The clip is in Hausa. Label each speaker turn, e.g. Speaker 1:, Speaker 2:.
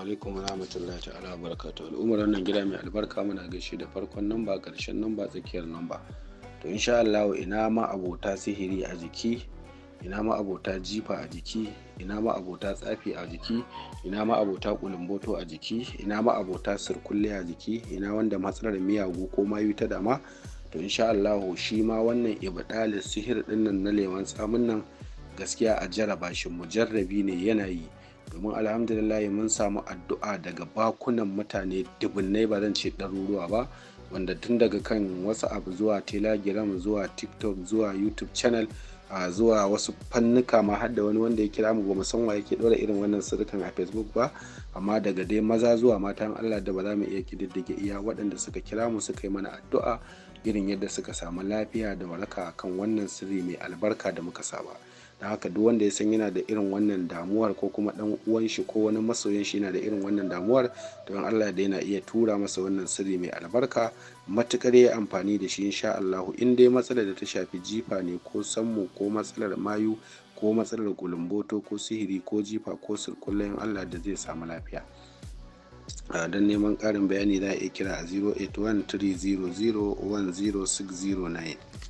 Speaker 1: alaikum warahmatullahi ta'ala barakatuh al'ummar wannan gida mai albarka muna gaishe da farkon namba karshen namba tsakiyar namba to insha Allah ina ma abota sihiri a jiki ina ma abota jifa a jiki ina ma abota tsafi a jiki ina ma abota kulumboto a jiki ina ma abota sirkulle a jiki ina wanda matsalar miyagu ko mayu ta dama to insha Allah shi ma wannan ibadalis sihir dinnan na leman tsamin nan gaskiya a jarabashin shi mujarrabi ne yana yi domin alhamdulillah mun samu addu'a daga bakunan mutane dubunnai ba zan ce ɗaruruwa ba wanda tun daga kan wasu abu zuwa telegram zuwa tiktok zuwa youtube channel a zuwa wasu fannuka ma har wani wanda ya kira mu ba san wa yake ɗora irin wannan sirrikan a facebook ba amma daga dai maza zuwa mata in allah da ba za mu iya kididdige iya waɗanda suka kira mu suka yi mana addu'a irin yadda suka samu lafiya da waraka kan wannan sirri mai albarka da muka saba. da haka duk wanda ya san yana da irin wannan damuwar ko kuma dan uwan shi ko wani masoyin shi yana da irin wannan damuwar to in Allah da yana iya tura masa wannan sirri mai albarka matukar ya amfani da shi insha Allah in dai matsalar da ta shafi jifa ne ko sammu ko matsalar mayu ko matsalar kulumboto ko sihiri ko jifa ko in Allah da zai samu lafiya don neman karin bayani za a iya kira a 081 300